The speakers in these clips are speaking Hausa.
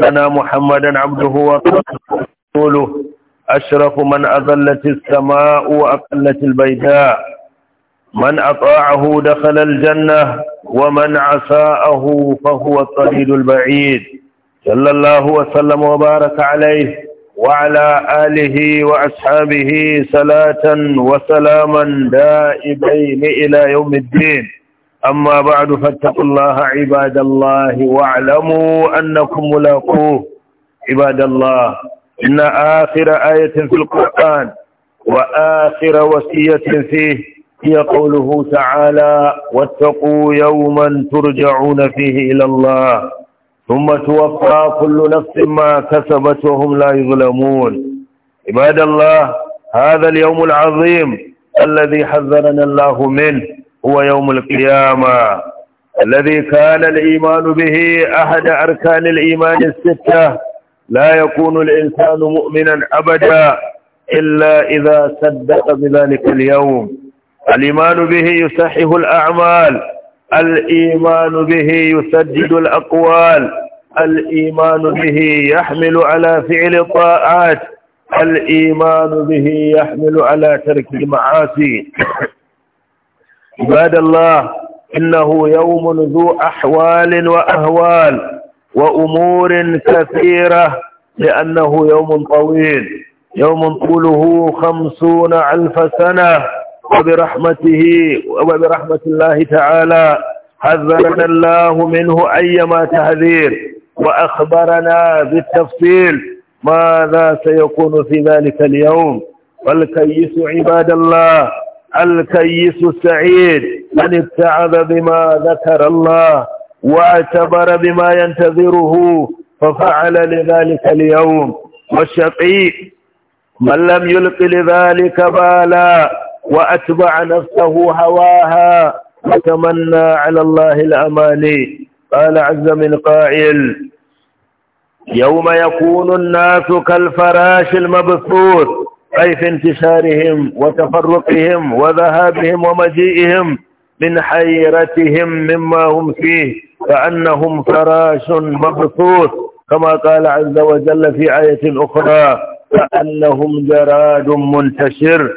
لنا محمدا عبده ورسوله أشرف من أذلت السماء وأقلت البيداء من أطاعه دخل الجنة ومن عساءه فهو الطريد البعيد صلى الله وسلم وبارك عليه وعلى آله وأصحابه صلاة وسلاما دائبين إلى يوم الدين أما بعد فاتقوا الله عباد الله واعلموا أنكم ملاقوه عباد الله إن آخر آية في القرآن وآخر وصية فيه هي قوله تعالى واتقوا يوما ترجعون فيه إلى الله ثم توفى كل نفس ما كسبت وهم لا يظلمون عباد الله هذا اليوم العظيم الذي حذرنا الله منه هو يوم القيامة الذي كان الإيمان به أحد أركان الإيمان الستة لا يكون الإنسان مؤمنا أبدا إلا إذا صدق بذلك اليوم الإيمان به يصحح الأعمال الإيمان به يسدد الأقوال الإيمان به يحمل على فعل الطاعات الإيمان به يحمل على ترك المعاصي عباد الله إنه يوم ذو أحوال وأهوال وأمور كثيرة لأنه يوم طويل يوم طوله خمسون ألف سنة وبرحمته وبرحمة الله تعالى حذرنا الله منه أيما تهذير وأخبرنا بالتفصيل ماذا سيكون في ذلك اليوم والكيس عباد الله الكيس السعيد من ابتعد بما ذكر الله واعتبر بما ينتظره ففعل لذلك اليوم والشقي من لم يلق لذلك بالا وأتبع نفسه هواها وتمنى على الله الأماني قال عز من قائل يوم يكون الناس كالفراش المبثوث أي في انتشارهم وتفرقهم وذهابهم ومجيئهم من حيرتهم مما هم فيه فأنهم فراش مبثوث كما قال عز وجل في آية أخرى فأنهم جراد منتشر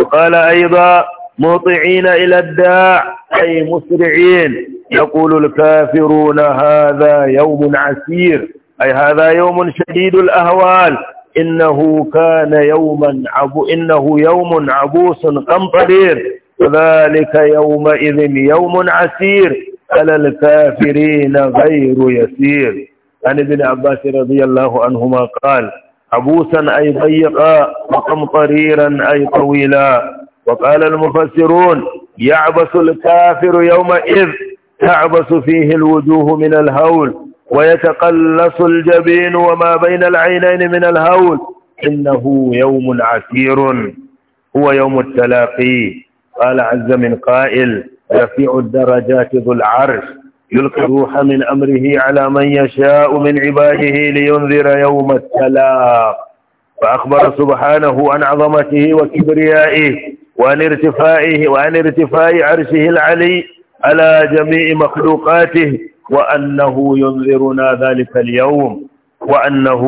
وقال أيضا مطعين إلى الداع أي مسرعين يقول الكافرون هذا يوم عسير أي هذا يوم شديد الأهوال إنه كان يوما عبو إنه يوم عبوس قمطرير ذلك يومئذ يوم عسير على الكافرين غير يسير عن ابن عباس رضي الله عنهما قال عبوسا أي ضيقا وقمطريرا أي طويلا وقال المفسرون يعبس الكافر يومئذ تعبس فيه الوجوه من الهول ويتقلص الجبين وما بين العينين من الهول إنه يوم عسير هو يوم التلاقي قال عز من قائل رفيع الدرجات ذو العرش يلقي الروح من أمره على من يشاء من عباده لينذر يوم التلاق فأخبر سبحانه عن عظمته وكبريائه وعن ارتفائه وعن ارتفاء عرشه العلي على جميع مخلوقاته وأنه ينذرنا ذلك اليوم وأنه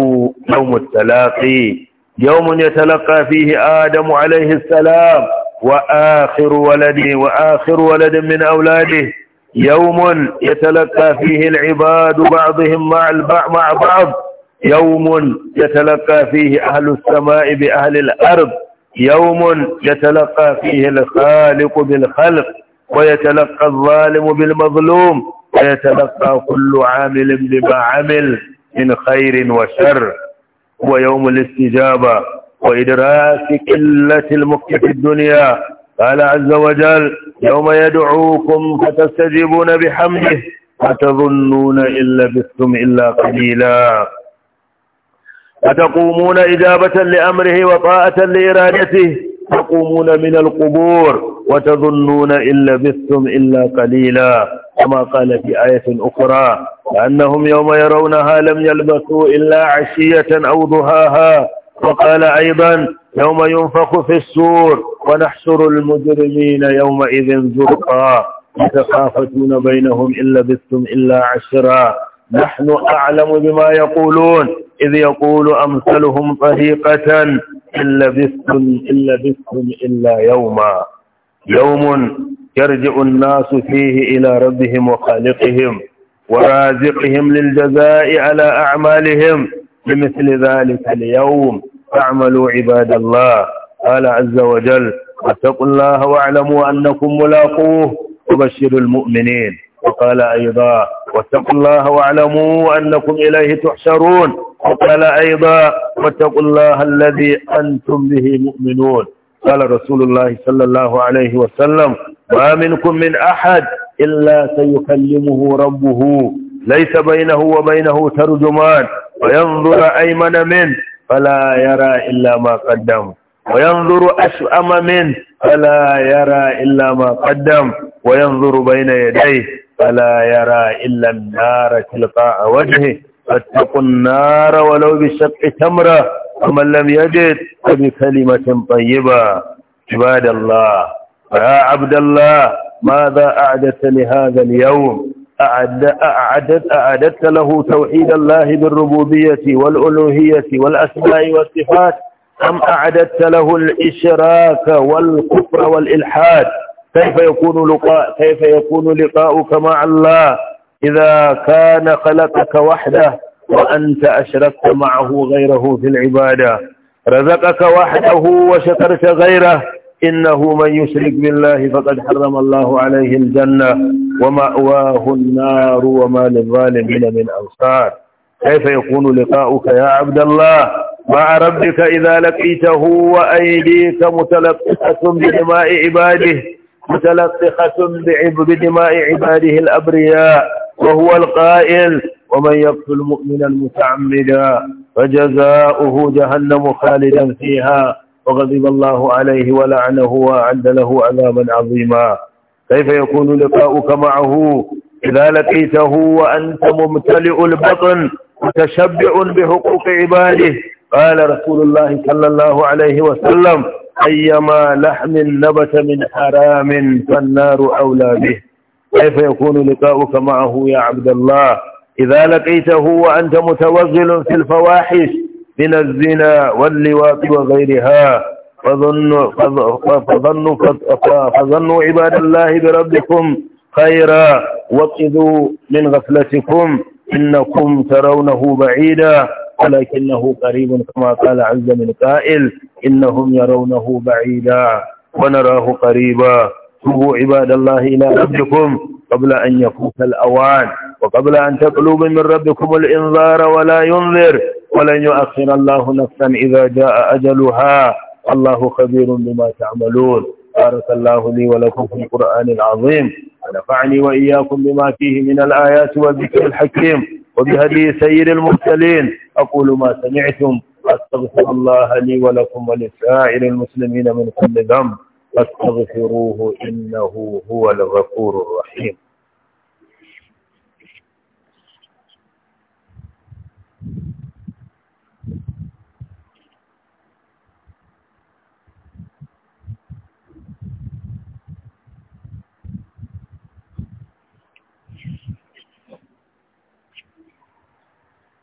يوم التلاقي يوم يتلقى فيه آدم عليه السلام وآخر ولد وآخر ولد من أولاده يوم يتلقى فيه العباد بعضهم مع البعض مع بعض يوم يتلقى فيه أهل السماء بأهل الأرض يوم يتلقى فيه الخالق بالخلق ويتلقى الظالم بالمظلوم ويتلقى كل عامل بما عمل من خير وشر ويوم الاستجابة وإدراك قلة المكة في الدنيا قال عز وجل يوم يدعوكم فتستجيبون بحمده أتظنون إن لبثتم إلا قليلا أتقومون إجابة لأمره وطاعة لإرادته تقومون من القبور وتظنون إن لبثتم إلا قليلا كما قال في آية أخرى أنهم يوم يرونها لم يلبثوا إلا عشية أو ضحاها وقال أيضا يوم ينفخ في السور ونحشر المجرمين يومئذ زرقا يتخافتون بينهم إن لبثتم إلا عشرا نحن أعلم بما يقولون إذ يقول أمثلهم طريقة إن لبثتم إن لبثتم إلا يوما يوم يرجع الناس فيه إلى ربهم وخالقهم ورازقهم للجزاء على أعمالهم بمثل ذلك اليوم فاعملوا عباد الله قال عز وجل واتقوا الله واعلموا أنكم ملاقوه وبشروا المؤمنين وقال أيضا واتقوا الله واعلموا أنكم إليه تحشرون وقال أيضا واتقوا الله الذي أنتم به مؤمنون قال رسول الله صلى الله عليه وسلم ما منكم من أحد إلا سيكلمه ربه ليس بينه وبينه ترجمان وينظر أيمن منه فلا يرى إلا ما قدم وينظر أشأم منه فلا يرى إلا ما قدم وينظر بين يديه فلا يرى إلا النار تلقاء وجهه فاتقوا النار ولو بشق تمرة ومن لم يجد فبكلمة طيبة عباد الله يا عبد الله ماذا أعدت لهذا اليوم أعدت أعددت له توحيد الله بالربوبية والألوهية والأسماء والصفات أم أعددت له الإشراك والكفر والإلحاد كيف يكون لقاء كيف يكون لقاؤك مع الله إذا كان خلقك وحده وأنت أشركت معه غيره في العبادة رزقك وحده وشكرت غيره إنه من يشرك بالله فقد حرم الله عليه الجنة ومأواه النار وما للظالمين من أنصار كيف يكون لقاؤك يا عبد الله مع ربك إذا لقيته وأيديك متلقفة بدماء عباده متلطخة بدماء عباده الأبرياء وهو القائل ومن يقتل مؤمنا متعمدا فجزاؤه جهنم خالدا فيها وغضب الله عليه ولعنه وأعد له عذابا عظيما كيف يكون لقاؤك معه إذا لقيته وأنت ممتلئ البطن متشبع بحقوق عباده قال رسول الله صلى الله عليه وسلم أيما لحم نبت من حرام فالنار أولى به كيف يكون لقاؤك معه يا عبد الله إذا لقيته وأنت متوغل في الفواحش من الزنا واللواط وغيرها فظنوا, فظنوا, فظنوا عباد الله بربكم خيرا وقذوا من غفلتكم إنكم ترونه بعيدا ولكنه قريب كما قال عز من قائل إنهم يرونه بعيدا ونراه قريبا سبوا عباد الله إلى ربكم قبل أن يفوت الأوان وقبل أن تطلبوا من ربكم الإنذار ولا ينذر ولن يؤخر الله نفسا إذا جاء أجلها الله خبير بما تعملون بارك الله لي ولكم في القرآن العظيم ونفعني وإياكم بما فيه من الآيات والذكر الحكيم وبهدي سير المرسلين أقول ما سمعتم وأستغفر الله لي ولكم ولسائر المسلمين من كل ذنب فاستغفروه إنه هو الغفور الرحيم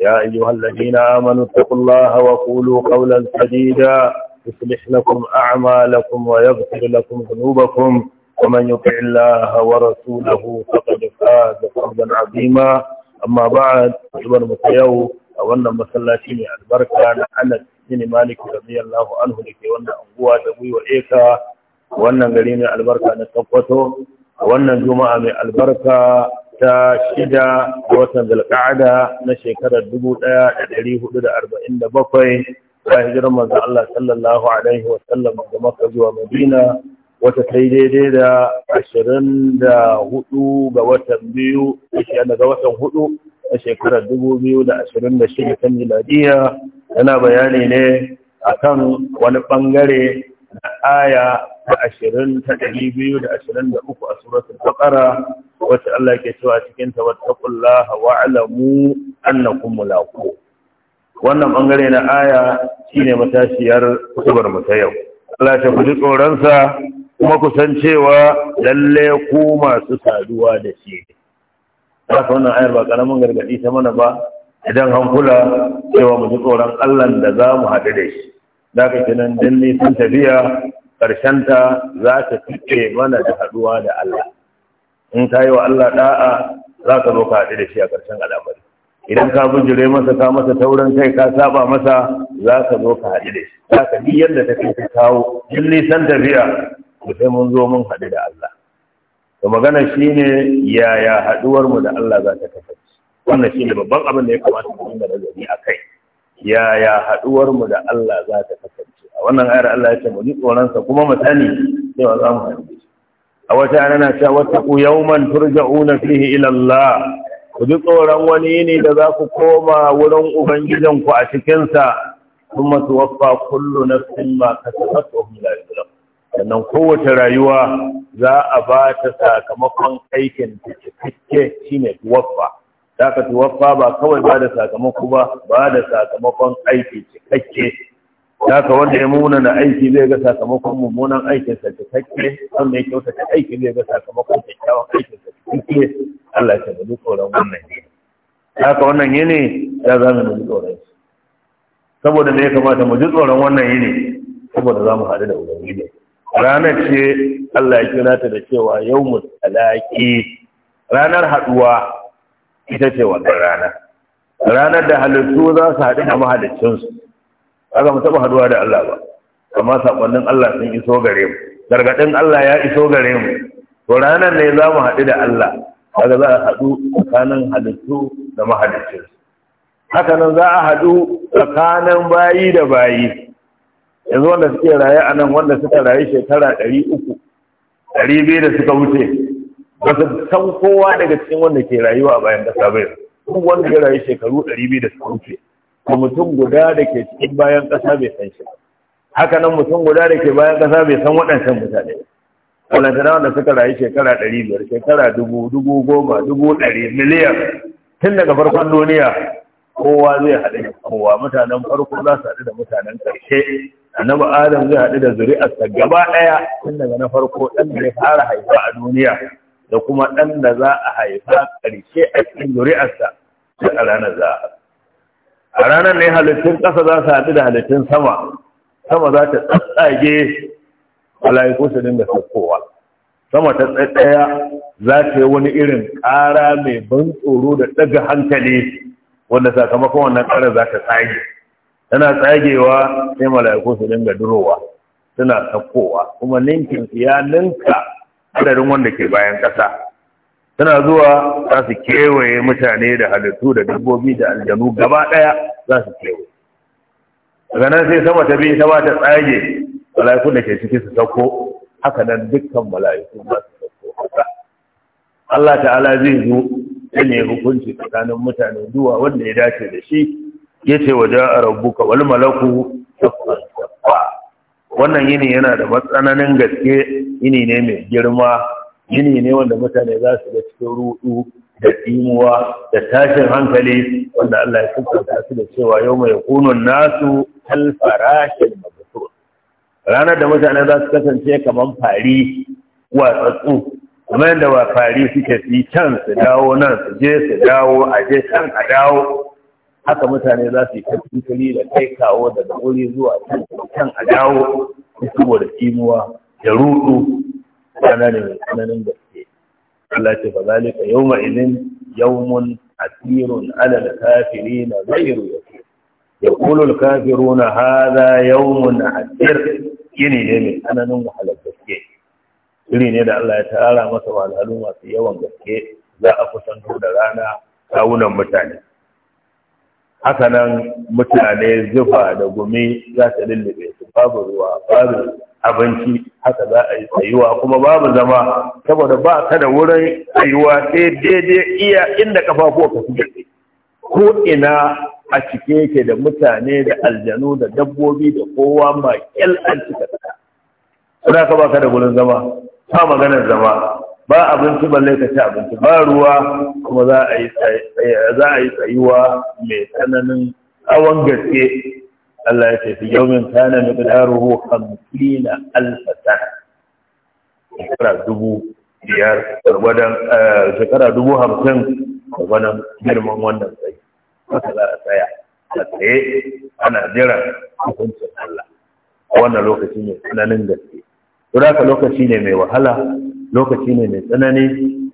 يا أيها الذين آمنوا اتقوا الله وقولوا قولا سديدا يصلح لكم أعمالكم ويغفر لكم ذنوبكم ومن يطع الله ورسوله فقد فاز فوزا عظيما أما بعد أيها المتيو أولا مسلاتي البركة أنس بن مالك رضي الله عنه لكي وانا أبوها تبوي وإيكا wannan gari mai albarka na tabbato a wannan juma'a mai albarka ta shida watan zalƙa'ada na shekarar dubu ɗaya da da ɗari bakwai ta hijirar manzan Allah sallallahu Alaihi wasallam da maka zuwa Madina wata ta yi daidai da ashirin da hudu ga watan biyu daga watan hudu na shekarar dubu biyu da da ashirin 2026 ta miladiya yana bayani ne akan wani bangare na aya ta ashirin ta uku a suratul baqara wacce Allah ke cewa cikin ta wattaqullaha wa'lamu annakum mulaqu wannan bangare na aya shine matashiyar kusurwar mu ta yau Allah ta kuji tsoron sa kuma kusancewa cewa lalle ku masu saduwa da shi ba wannan ayar ba karamin gargadi ta mana ba idan an kula cewa mu ji tsoron Allah da za mu haɗu da shi da ka kinan dan nisan tafiya ƙarshen ta za ta fice mana da haɗuwa da Allah in ka yi wa Allah da'a za ka zo ka haɗu da shi a ƙarshen al'amari idan ka bujire masa ka masa taurin kai ka saba masa za ka zo ka haɗu da shi za ka bi yadda ta kai ka kawo jin nisan tafiya ku sai mun zo mun haɗu da Allah to magana shi ne, yaya haɗuwar mu da Allah za ta kasance wannan shi ne babban abin da ya kamata mu dinga nazari kai. yaya haɗuwar mu da Allah za ta kasance a wannan ayar Allah ya ce mu ji tsoron sa kuma mu sani cewa za mu haɗu da shi a wata ana cewa ku yawman turja'una fihi ila Allah ku ji tsoron wani ne da za ku koma wurin ku a cikinsa kuma su waffa kullu nafsin ma kasabat wa hum la sannan kowace rayuwa za a ba ta sakamakon aikin ta cikakke shine tuwaffa za ka tuwaffa ba kawai ba da sakamako ba ba da sakamakon aiki cikakke haka wanda ya muna na aiki zai ga sakamakon mummunan aikin ta take, wanda ya kyautata aiki zai ga sakamakon kyakkyawan aikin aikinsa cikakke Allah ya tabbata tsoron wannan ne haka wannan yini ya zama mu tsoron shi saboda me ya kamata mu ji tsoron wannan yini saboda za mu haɗu da ubangiji ranar ce Allah ya kira ta da cewa yau mu talaki ranar haɗuwa ita ce wannan rana ranar da halittu za su haɗu da mahalicinsu kaga mu taba haduwa da Allah ba amma saƙonnin Allah sun iso gare mu gargadin Allah ya iso gare mu to ranar ne za mu haɗu da Allah kaga za a haɗu tsakanin halittu da mahaliccin haka nan za a haɗu tsakanin bayi da bayi yanzu wanda suke raye a nan wanda suka rayu shekara ɗari uku ɗari biyu da suka wuce ba su san kowa daga cikin wanda ke rayuwa a bayan ƙasa bai wanda ya rayu shekaru ɗari biyu da suka wuce mutum guda da ke cikin bayan ƙasa bai san shi haka nan mutum guda da ke bayan ƙasa bai san waɗancan mutane walantana wanda suka rayu shekara ɗari biyar shekara dubu dubu goma dubu ɗari miliyan tun daga farkon duniya kowa zai haɗu da kowa mutanen farko za su haɗu da mutanen ƙarshe annabi adam zai haɗu da zuri'arsa gaba ɗaya tun daga na farko ɗan da ya fara haifa a duniya da kuma ɗan da za a haifa ƙarshe a cikin zuri'arsa sai a ranar za a a ranar ne halittun ƙasa za su haɗu da halittun sama sama za ta tsatsage ko su dinga saukowa sama ta tsattsaya za ta yi wani irin ƙara mai ban tsoro da ɗaga hankali wanda sakamakon wannan ƙara za ta tsage tana tsagewa sai ko su dinga durowa suna saukowa kuma ninkin ya ninka adadin wanda ke bayan ƙasa tana zuwa za su kewaye mutane da halittu da dabbobi da aljanu gaba ɗaya za su kewaye daga nan sai sama ta biyu sama ta tsage mala'ikun da ke ciki su sauko haka nan dukkan mala'iku za su sauko haka Allah ta'ala zai zo dan yi hukunci tsakanin mutane zuwa wanda ya dace da shi Ya yace wa ja'a rabbuka wal malaku wannan yini yana da matsananin gaske yini ne mai girma gini ne wanda mutane za su ga cikin rudu da imuwa da tashin hankali wanda Allah ya kuskanta su da cewa yau mai kunun nasu kalfarashin mabusur ranar da mutane za su kasance kamar fari watsatsu Kuma yadda ba fari suke fi can su dawo nan su je su dawo a je can a dawo haka mutane za su yi kankuri da kai kawo daga wuri zuwa can a dawo saboda imuwa da rudu tsananin ne mai tsananin gaske Allah ce ba zalika yawma idin yawmun asirun ala zairu ya ce ya kulu al na hada yawmun asir gini ne mai tsananin wahalar gaske iri ne da Allah ya tara masa wahalhalu masu yawan gaske za a kusanto da rana kawunan mutane hakanan mutane zufa da gumi za ta lullube su babu ruwa babu abinci haka za a yi tsayuwa kuma babu zama saboda ba ka da wurin tsayuwa sai daidai iya inda ka suke ko ina a cike yake da mutane da aljanu da dabbobi da kowa ma kyal an cika tsaka suna ka baka da wurin zama ba maganar zama ba abinci balle ka ci abinci ba ruwa kuma za a yi tsayuwa mai tsananin tsawon gaske Allah ya ce fi yawmin kana miqdaruhu 50 alf sana shekara dubu biyar gwargwadon eh, shekara dubu hamsin gwargwadon girman wannan sai haka za a tsaya a tsaye ana jira hukuncin Allah a wannan lokaci ne tsananin gaske. Dura ka lokaci ne mai wahala, lokaci ne mai tsanani,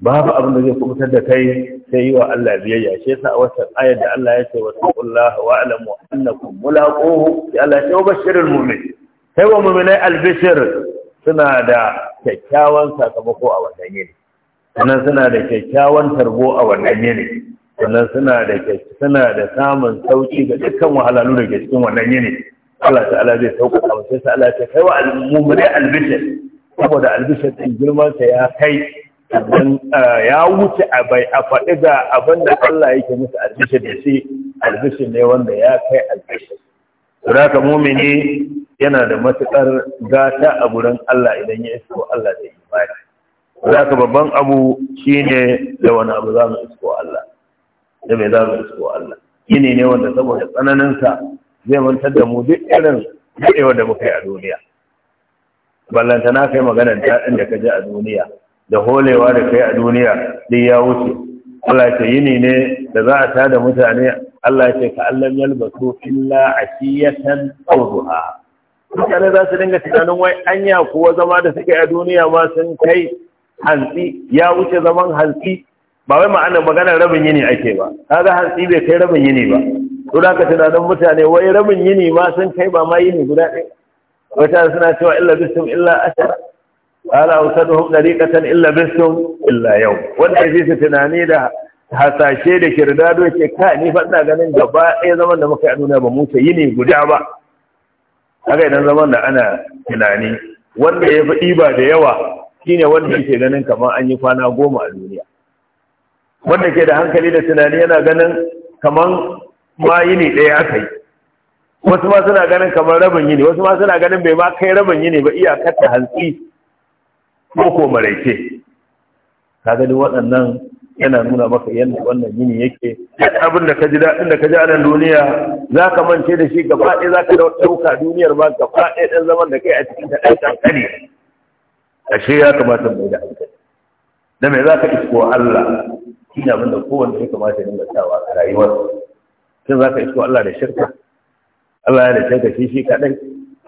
babu abin da zai kubutar da kai sai yi wa Allah biyayya shi yasa a wata ayar da Allah ya ce wa taqullaha wa alamu annakum mulaquhu ya Allah ya bashirul mu'min sai wa mu'minai albishir suna da kyakkyawan sakamako a wannan yini sannan suna da kyakkyawan tarbo a wannan yini sannan suna da suna da samun sauki ga dukkan wahalalu da ke cikin wannan yini Allah ta'ala zai sauƙaƙa musu sai Allah ya ce kai wa mu'minai albishir saboda albishir din girman sa ya kai sannan eh, ya wuce a bai a faɗi ga abin da Allah yake musu albishir da shi albishir ne wanda ya kai albishir. Raka mumini yana da matuƙar gata a gurin Allah idan ya isko Allah da imani. babban abu shi ne da wani abu za mu isko Allah. Da mai za mu isko Allah. Gini ne wanda saboda tsananinsa zai mantar da mu duk irin daɗewa da muka yi a duniya. Ballantana kai maganar daɗin da ka ji a duniya. da holewa da kai a duniya din ya wuce Allah ce yini ne da za a tada mutane Allah ce ka Allah yalbasu illa ashiyatan aw duha mutane za su dinga tunanin wai anya kuwa zama da suke a duniya ma sun kai hantsi ya wuce zaman hantsi ba wai ma'anar magana rabin yini ake ba kaga hantsi bai kai rabin yini ba to da ka tunanin mutane wai rabin yini ma sun kai ba ma yini guda ɗaya wata suna cewa illa bisum illa ashara ala usaduhum dariqatan illa bisum illa yau wanda yake su tunani da hasashe da kirdado yake ka ni fa ina ganin gaba ɗaya zaman da muka yi a duniya ba mu ce yi ne guda ba haka idan zaman da ana tunani wanda ya fi ɗiba da yawa shine wanda yake ganin kamar an yi kwana goma a duniya wanda ke da hankali da tunani yana ganin kamar ma yini ɗaya aka yi wasu ma suna ganin kamar rabin yini wasu ma suna ganin bai ma kai rabin yini ba iyakar ta hantsi ko ko maraice ka gani waɗannan yana nuna maka yadda wannan yini yake duk abin da ka ji daɗin da ka ji anan duniya za ka mance da shi gaba ɗaya za ka ɗauka duniyar ba gaba ɗaya ɗan zaman da kai a cikin ta ɗan ƙanƙani ashe ya kamata mai da hankali da mai za ka isko Allah shi ne abin da kowanne ya kamata ya dinga sawa a rayuwar shin za ka isko Allah da shirka Allah ya da shirka shi shi kaɗai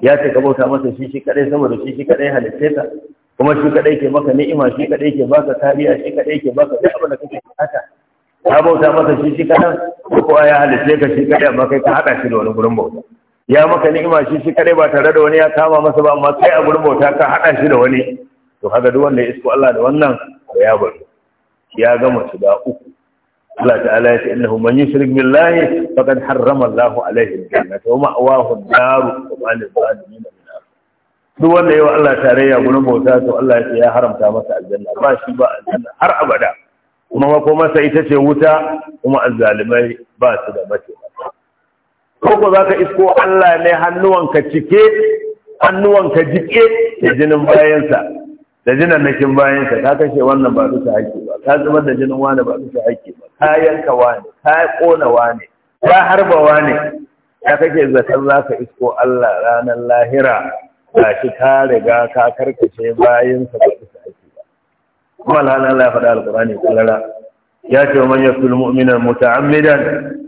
ya ce ka bauta masa shi shi kaɗai sama da shi shi kaɗai halitta kuma shi kadai ke maka ni'ima shi kadai ke baka kariya shi kadai ke baka duk abin da kake bukata ka bauta masa shi shi kaɗan ko kowa ya halitta ka shi kadai amma kai ka hada shi da wani gurin bauta ya maka ni'ima shi shi kadai ba tare da wani ya kama masa ba amma kai a gurin bauta ka hada shi da wani to kaga duk wanda ya isko Allah da wannan to ya bari ya gama shiga uku Allah ta'ala ya ce innahu man yushrik billahi faqad harrama Allahu alaihi al-jannata wa ma'wahu an-nar wa ma lil-zalimin duk wanda wa Allah tarayya gurin bauta to Allah ya ya haramta masa aljanna ba shi ba aljanna har abada kuma ma kuma sai ita ce wuta kuma azzalimai ba su da mace ko ko zaka isko Allah ne hannuwanka cike hannuwanka jike da jinin bayansa da jinan nakin bayansa ka kashe wannan ba su haƙƙi ba ka zubar da jinin wani ba su haƙƙi ba ka yanka wani ka kona wani ka harba wani ka kake zakan zaka isko Allah ranar lahira ga shi ka riga ka karkace bayan sa ba bisa ake ba kuma lana Allah ya faɗa alqur'ani kallara ya ce man yaqtul mu'mina muta'ammidan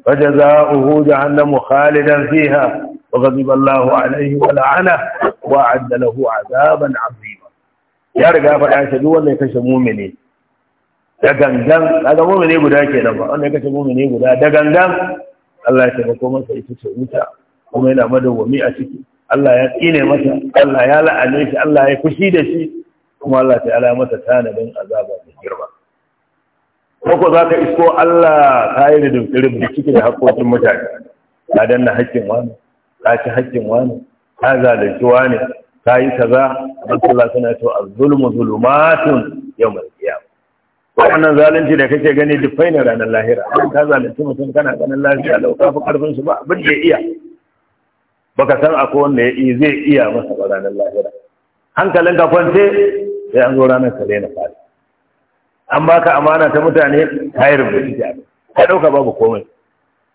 fa jazaohu jahannamu khalidan fiha wa ghadiba Allahu alayhi wa la'ana wa a'adda lahu 'adaban 'azima ya riga faɗa shi duk wanda ya kashe mu'mini da gangan kaga mu'mini guda kenan ba wanda ya kashe mu'mini guda da gangan Allah ya taimako masa ita ce wuta kuma yana madawwami a ciki Allah ya tsine masa Allah ya la'ane shi Allah ya fushi da shi kuma Allah ta ala masa tanadin azaba da girma ko za ka isko Allah ta yi da dukkanin da cike da haƙoƙin mutane ta danna haƙƙin wani ta ci haƙƙin wani ta zalunci wani Ta yi kaza za, Allah suna to az-zulmu zulumatun mai qiyamah wannan zalunci da kake gani duk fainar ranar lahira ka zalunci mutum kana ganin lafiya lau ka fi ƙarfin su ba abin da iya baka san akwai wanda ya zai iya masa ba ranar lahira hankalin ka kwance sai an zo ranar ka na fari an baka amana ta mutane ta yi rubutu ta ka ɗauka babu komai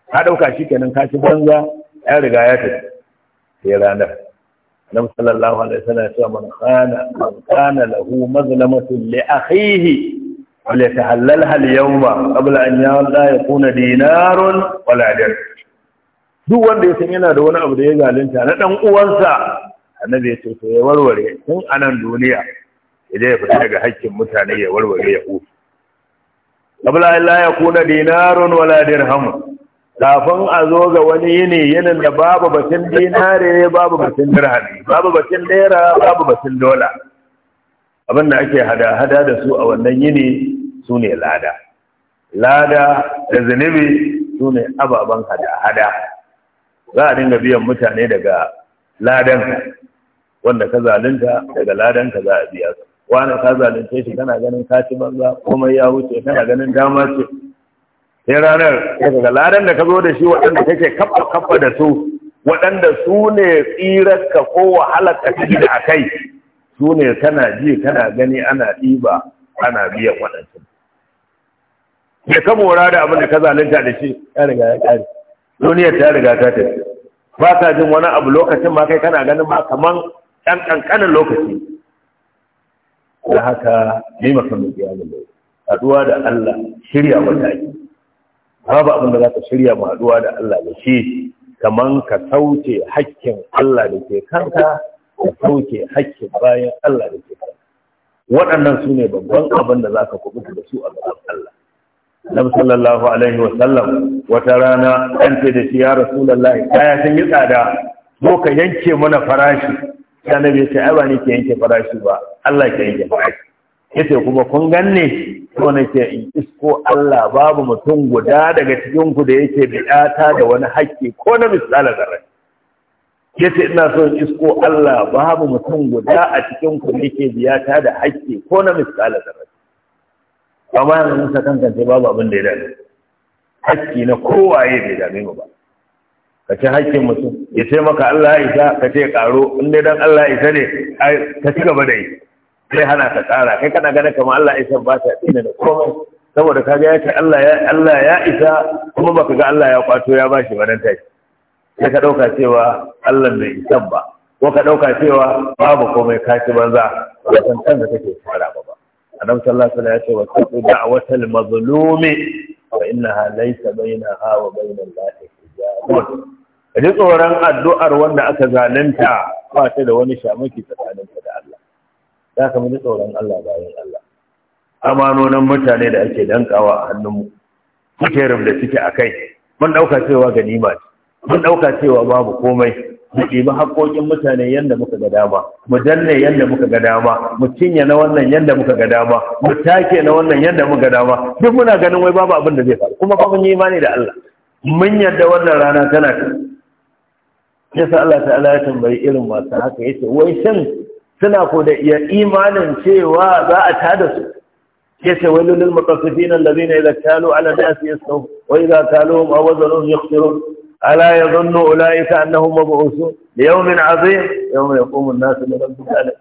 ka ɗauka shi kenan ka ci banza ya riga ya tafi sai ranar annabi sallallahu alaihi wasallam ya ce man khana man kana lahu mazlamatu li akhihi وليتحللها اليوم قبل أن لا يكون dinarun wala dirham duk wanda ya san yana da wani abu da ya zalunta na ɗan uwansa annabi ya ce to ya warware tun a nan duniya idan ya fita daga hakkin mutane ya warware ya ku qabla an la yakuna dinarun wala dirham kafin a zo ga wani yini yinin da babu batun dinare babu batun dirhami babu batun naira babu batun dola abin da ake hada hada da su a wannan yini su ne lada lada da zunubi su ne ababen hada hada za a dinga biyan mutane daga Ladan wanda ka zalunta daga Ladan ka za a biya su wani ka zalunce shi kana ganin kaci banza komai ya wuce kana ganin dama ce sai ranar daga ladan da ka zo da shi waɗanda kake kafa kafa da su waɗanda su ne tsirarka ko ka ciki da akai su ne kana ji kana gani ana ɗiba ana biyan waɗansu da ka mora da abin da ka zalunta da shi ya riga ya ƙare duniyar ta riga ta tafi ba ka jin wani abu lokacin ma kai kana ganin ma kaman ɗan ƙanƙanin lokaci da haka ne makamin kiyamun da haɗuwa da Allah shirya wata Ba babu abin da za ka shirya ma haɗuwa da Allah da shi kaman ka sauke hakkin Allah da ke kanka ka sauke hakkin bayan Allah da ke kanka waɗannan su ne babban abin da za ka kuɓuta da su a gaban Allah Nabi sallallahu alaihi wa sallam wata rana an ce da shi ya Rasulullahi kaya sun yi tsada zo ka yanke mana farashi sai Nabi ya ce ai ba ni ke yanke farashi ba Allah ke yanke farashi yace kuma kun ganne to ke in isko Allah babu mutum guda daga cikin ku da yake biyata da wani hakki ko na misala zarra yace ina so in isko Allah babu mutum guda a cikin ku da yake biyata da hakki ko na misala zarra amma yanzu musa kankance babu abin da ya dame hakki na kowaye bai dame mu ba ka ce hakkin mutum ya ce maka Allah ya isa ka ce karo in dai dan Allah ya isa ne ka ci gaba da yi sai hana ka tsara kai kana ganin kamar Allah ya isa ba ta tsina da komai saboda ka ga ya ce Allah ya Allah ya isa kuma baka ga Allah ya kwato ya bashi wannan tai sai ka dauka cewa Allah bai isa ba ko ka dauka cewa babu komai ka ci banza ba san kanka kake fara ba annabi sallallahu alaihi wasallam ya ce wa taqu da'watal mazlumi fa innaha laysa bainaha wa bainal lahi hijab ji tsoron addu'ar wanda aka zalunta ba ta da wani shamaki tsakaninta da Allah za ka ji tsoron Allah bayan Allah amanonan mutane da ake dankawa a hannunmu kuke da suke a kai mun ɗauka cewa ganima ce mun ɗauka cewa babu komai mu ɗibi haƙoƙin mutane yadda muka ga dama mu danne yadda muka ga dama mu cinye na wannan yadda muka ga dama mu take na wannan yadda muka ga dama duk muna ganin wai babu abin da zai faru kuma ba mun yi imani da Allah mun yarda wannan rana tana ta yasa Allah ta'ala ya tambayi irin masu haka yace wai shin suna ko da iya imanin cewa za a tada su yace wailul lil mutaffifin allazina idza kalu ala nasi yasaw wa idza kaluhum aw wazanuhum yakhsirun ألا يظن أولئك أنهم مبعوثون ليوم عظيم يوم يقوم الناس لرب العالمين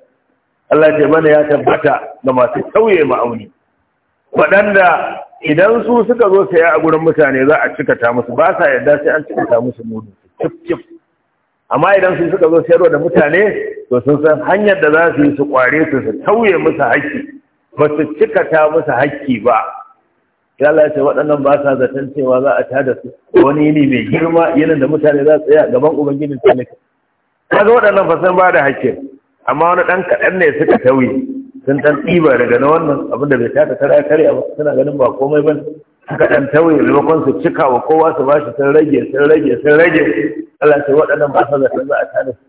Allah ce mana ya tabbata da masu sauye ma'auni waɗanda idan su suka zo saya a gurin mutane za a cikata musu ba sa yadda sai an cikata musu mudu cif cif amma idan su suka zo sayarwa da mutane to sun san hanyar da za su yi su kware su su sauye musu haƙƙi ba su cikata musu haƙƙi ba ya Allah ce waɗannan ba sa zaton cewa za a da su wani yini mai girma yanin da mutane za su tsaya gaban ubangijin talaka kaga waɗannan ba san ba da hakki amma wani ɗan kaɗan ne suka tauye sun ɗan ɗiba daga na wannan abin da bai ta ta kara kare ba suna ganin ba komai ba suka ɗan tauye maimakon su cika wa kowa su bashi sun rage sun rage sun rage Allah ce waɗannan ba sa zaton za a da su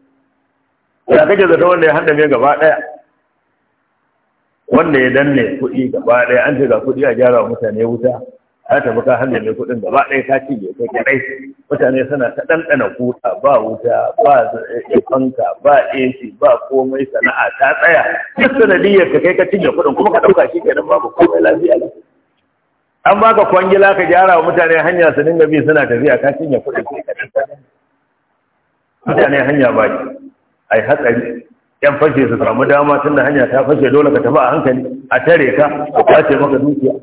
ya kake zaton wanda ya hannu mai gaba ɗaya wanda ya danne kuɗi gaba ɗaya an ce ga kuɗi a gyara wa mutane wuta a tafi ka hanyar mai kuɗin gaba ɗaya ka ci ne kai kaɗai mutane suna ta ɗanɗana kuɗa ba wuta ba fanka ba ac ba komai sana'a ta tsaya duk sanadiyar ka kai ka cinye kuɗin kuma ka ɗauka shi kenan babu komai lafiya ne an baka kwangila ka gyara wa mutane hanya su dinga bi suna tafiya ka cinye kuɗin kai ɗanɗana. mutane hanya ba ai hatsari yan fashe su samu dama tunda hanya ta fashe dole ka tafi a hankali a tare ka a kwace maka dukiya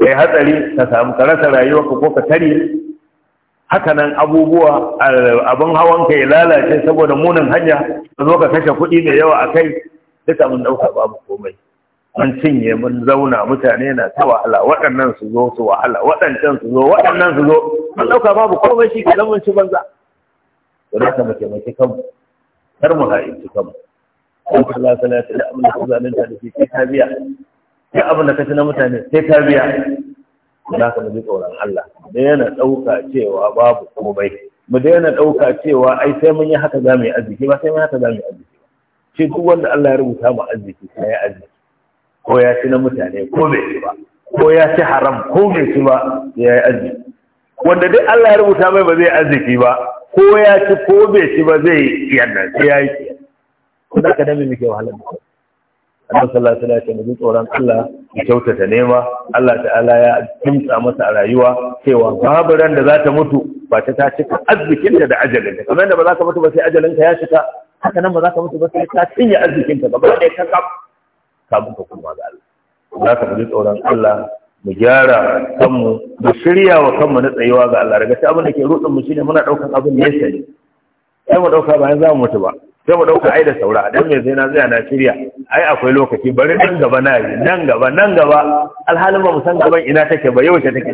Ka yi hatsari ka samu ka rasa rayuwarka ko ka tare hakanan abubuwa abin hawan ka ya lalace saboda munin hanya ka zo ka kashe kuɗi mai yawa a kai duka mun ɗauka babu komai an cinye mun zauna mutane na ta wahala waɗannan su zo su wahala waɗancan su zo waɗannan su zo mun ɗauka babu komai shi ke mun ci banza. Wadatar mace mace kanmu, kar mu ha'inci kanmu. an fi za ka lafiya da abin da ka zalunta da shi sai ka biya sai abin da ka ci na mutane sai ka biya za ka bi tsoron Allah mu daina ɗauka cewa babu komai mu daina ɗauka cewa ai sai mun yi haka za mu yi arziki ba sai mun yi haka za mu yi arziki ba shi duk wanda Allah ya rubuta mu arziki sai ya arziki ko ya ci na mutane ko bai ci ba ko ya ci haram ko bai ci ba ya yi arziki wanda dai Allah ya rubuta mai ba zai arziki ba ko ya ci ko bai ci ba zai yi kiyar sai ya yi kiyar ko da ka dame muke wahalar da Allah sallallahu alaihi wasallam ya tsoron Allah ya kyautata nema Allah ta'ala ya kimtsa masa a rayuwa cewa babu ran da za ta mutu ba ta ta cika azzikin da ajalinta kamar yadda ba za ka mutu ba sai ajalinka ya shika haka nan ba za ka mutu ba sai ka cinye arzikinta gaba ɗaya ka kaf ka mutu kuma ga Allah za ka ji tsoron Allah mu gyara kanmu mu shirya wa kanmu na tsayuwa ga Allah daga shi abin da ke rudin mu shine muna daukan abin da ya sani sai mu dauka bayan za mu mutu ba sai mu dauka ai da saura dan me sai na tsaya na shirya ai akwai lokaci bari nan gaba na yi nan gaba nan gaba alhalin ba mu san gaban ina take ba yau ce take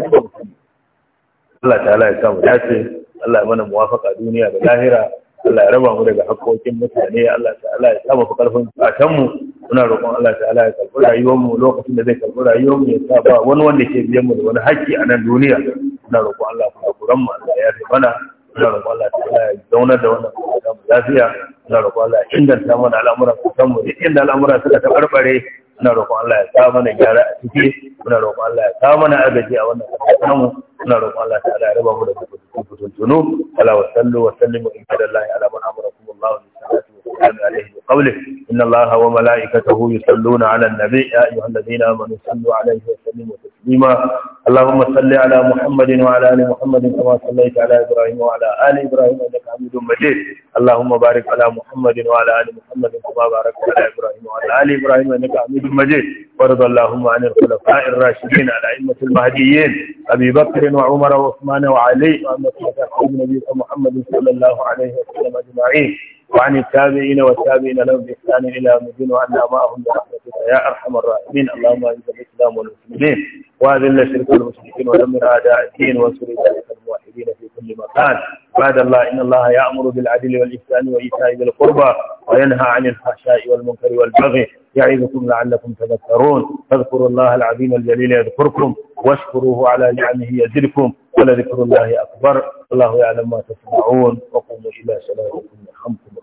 Allah ta'ala ya samu ce Allah ya mana muwafaka duniya da lahira Allah ya raba mu daga hakkokin mutane Allah ta'ala ya sa fa karfin bukatun mu muna roƙon Allah ta'ala ya karɓi rayuwar mu lokacin da zai karɓi rayuwar mu ya sa ba wani wanda ke biyan mu da wani haƙƙi a nan duniya muna roƙon Allah ku mu Allah ya yi mana ina roƙon Allah ya zauna da wannan kasar mu lafiya ina roƙon Allah ya inganta mana al'amuran kasar mu duk da al'amura suka tabarbare ina roƙon Allah ya sa mana gyara a ciki ina roƙon Allah ya sa mana agaji a wannan kasar mu ina roƙon Allah ta da ya raba mu da kutuntunu ala wa ya عليه بقوله إن الله وملائكته يصلون على النبي يا أيها الذين آمنوا صلوا عليه وسلموا تسليما اللهم صل على محمد وعلى آل محمد كما صليت على إبراهيم وعلى آل إبراهيم إنك حميد مجيد اللهم بارك على محمد وعلى آل محمد كما باركت على إبراهيم وعلى آل إبراهيم إنك حميد مجيد وارض اللهم عن الخلفاء الراشدين على ائمه المهديين أبي بكر وعمر وعثمان وعلي وعن نبينا محمد صلى الله عليه وسلم أجمعين وعن التابعين والتابعين لهم بإحسان إلى يوم الدين وأن معهم برحمتك يا أرحم الراحمين اللهم أعز الإسلام والمسلمين وأذل الشرك والمشركين ودمر أعداء الدين وانصر ذلك الموحدين في كل مكان بعد الله إن الله يأمر بالعدل والإحسان وإيتاء ذي القربى وينهى عن الفحشاء والمنكر والبغي يعظكم لعلكم تذكرون فاذكروا الله العظيم الجليل يذكركم واشكروه على نعمه يزدكم ولذكر الله أكبر الله يعلم ما تصنعون وقوموا إلى صلاتكم وخمكم